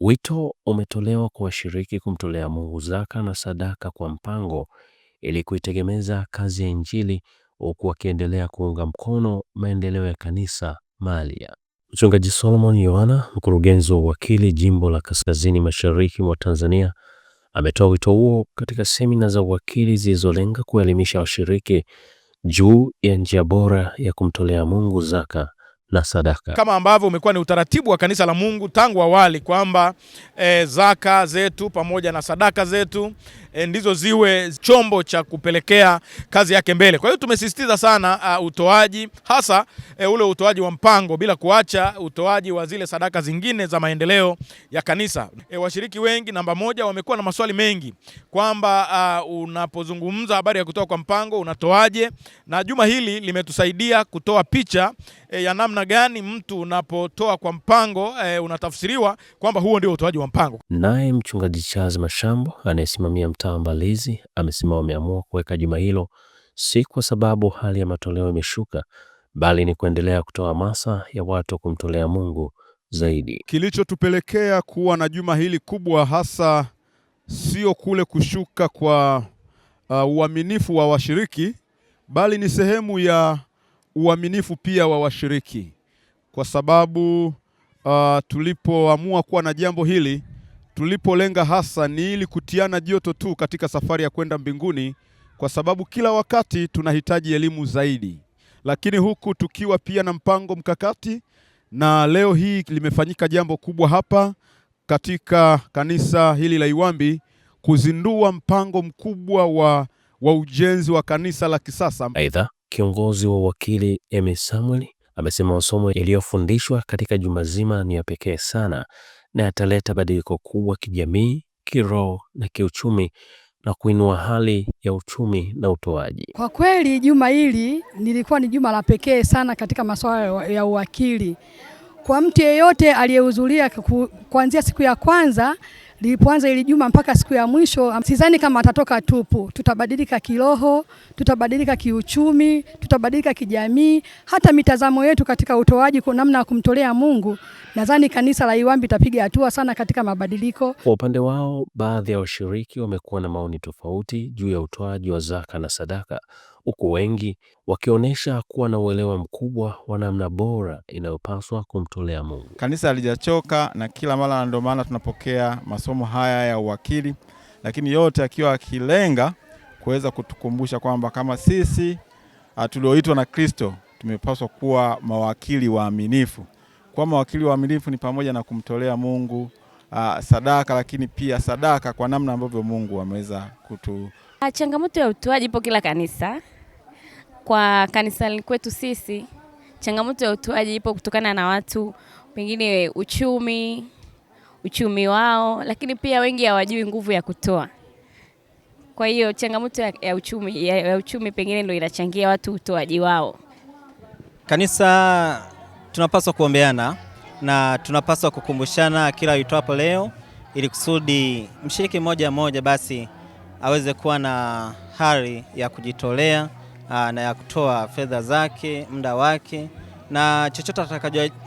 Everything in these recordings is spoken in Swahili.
Wito umetolewa kwa washiriki kumtolea Mungu zaka na sadaka kwa mpango ili kuitegemeza kazi ya Injili huku wakiendelea kuunga mkono maendeleo ya kanisa Malia. Mchungaji Solomon Yohana, mkurugenzi wa uwakili jimbo la Kaskazini Mashariki mwa Tanzania, ametoa wito huo katika semina za uwakili zilizolenga kuelimisha washiriki juu ya njia bora ya kumtolea Mungu zaka la sadaka, kama ambavyo umekuwa ni utaratibu wa kanisa la Mungu tangu awali kwamba e, zaka zetu pamoja na sadaka zetu Eh, ndizo ziwe chombo cha kupelekea kazi yake mbele. Kwa hiyo tumesisitiza sana uh, utoaji hasa uh, ule utoaji wa mpango bila kuacha utoaji wa zile sadaka zingine za maendeleo ya kanisa. E, washiriki wengi namba moja wamekuwa na maswali mengi kwamba uh, unapozungumza habari ya kutoa kwa mpango unatoaje, na juma hili limetusaidia kutoa picha E, ya namna gani mtu unapotoa kwa mpango e, unatafsiriwa kwamba huo ndio utoaji wa mpango. Naye mchungaji Charles Mashambo anayesimamia mta Mbalizi amesema wameamua kuweka juma hilo si kwa sababu hali ya matoleo imeshuka, bali ni kuendelea kutoa hamasa ya watu kumtolea Mungu zaidi. Kilichotupelekea kuwa na juma hili kubwa hasa sio kule kushuka kwa uh, uaminifu wa washiriki, bali ni sehemu ya uaminifu pia wa washiriki, kwa sababu uh, tulipoamua kuwa na jambo hili tulipolenga hasa ni ili kutiana joto tu katika safari ya kwenda mbinguni, kwa sababu kila wakati tunahitaji elimu zaidi, lakini huku tukiwa pia na mpango mkakati. Na leo hii limefanyika jambo kubwa hapa katika kanisa hili la Iwambi, kuzindua mpango mkubwa wa, wa ujenzi wa kanisa la kisasa. Aidha, kiongozi wa wakili Emmy amesema masomo yaliyofundishwa katika juma zima ni ya pekee sana na yataleta badiliko kubwa kijamii, kiroho na kiuchumi na kuinua hali ya uchumi na utoaji. Kwa kweli juma hili nilikuwa ni juma la pekee sana katika masuala ya uwakili kwa mtu yeyote aliyehudhuria kuanzia siku ya kwanza lilipoanza ili juma mpaka siku ya mwisho, sidhani kama atatoka tupu. Tutabadilika kiroho, tutabadilika kiuchumi, tutabadilika kijamii, hata mitazamo yetu katika utoaji kwa namna ya kumtolea Mungu. Nadhani kanisa la Iwambi itapiga hatua sana katika mabadiliko. Kwa upande wao, baadhi ya washiriki wamekuwa na maoni tofauti juu ya utoaji wa zaka na sadaka huku wengi wakionyesha kuwa na uelewa mkubwa wa namna bora inayopaswa kumtolea Mungu. Kanisa halijachoka na kila mara, ndio maana tunapokea masomo haya ya uwakili, lakini yote akiwa akilenga kuweza kutukumbusha kwamba kama sisi ah, tulioitwa na Kristo tumepaswa kuwa mawakili waaminifu. Kuwa mawakili waaminifu ni pamoja na kumtolea Mungu a, ah, sadaka lakini pia sadaka kwa namna ambavyo Mungu ameweza kutu. Ah, changamoto ya utoaji ipo kila kanisa kwa kanisa kwetu sisi changamoto ya utoaji ipo kutokana na watu pengine uchumi uchumi wao, lakini pia wengi hawajui nguvu ya kutoa. Kwa hiyo changamoto ya, ya uchumi, ya, ya uchumi pengine ndio inachangia watu utoaji wao. Kanisa tunapaswa kuombeana na tunapaswa kukumbushana kila itwapo leo, ili kusudi mshiriki mmoja mmoja basi aweze kuwa na hali ya kujitolea. Ah, na ya kutoa fedha zake, muda wake na chochote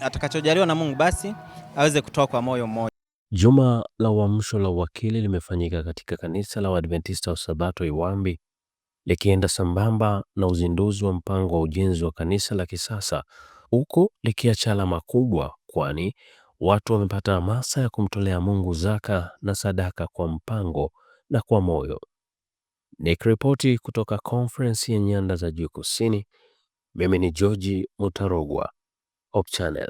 atakachojaliwa na Mungu basi aweze kutoa kwa moyo mmoja. Juma la Uamsho la Uwakili limefanyika katika kanisa la Waadventista wa Sabato Iwambi, likienda sambamba na uzinduzi wa mpango wa ujenzi wa kanisa la kisasa, huko likiacha alama kubwa, kwani watu wamepata hamasa ya kumtolea Mungu zaka na sadaka kwa mpango na kwa moyo. Nikiripoti kutoka Konferensi ya Nyanda za Juu Kusini, mimi ni George Mutarogwa, Hope Channel.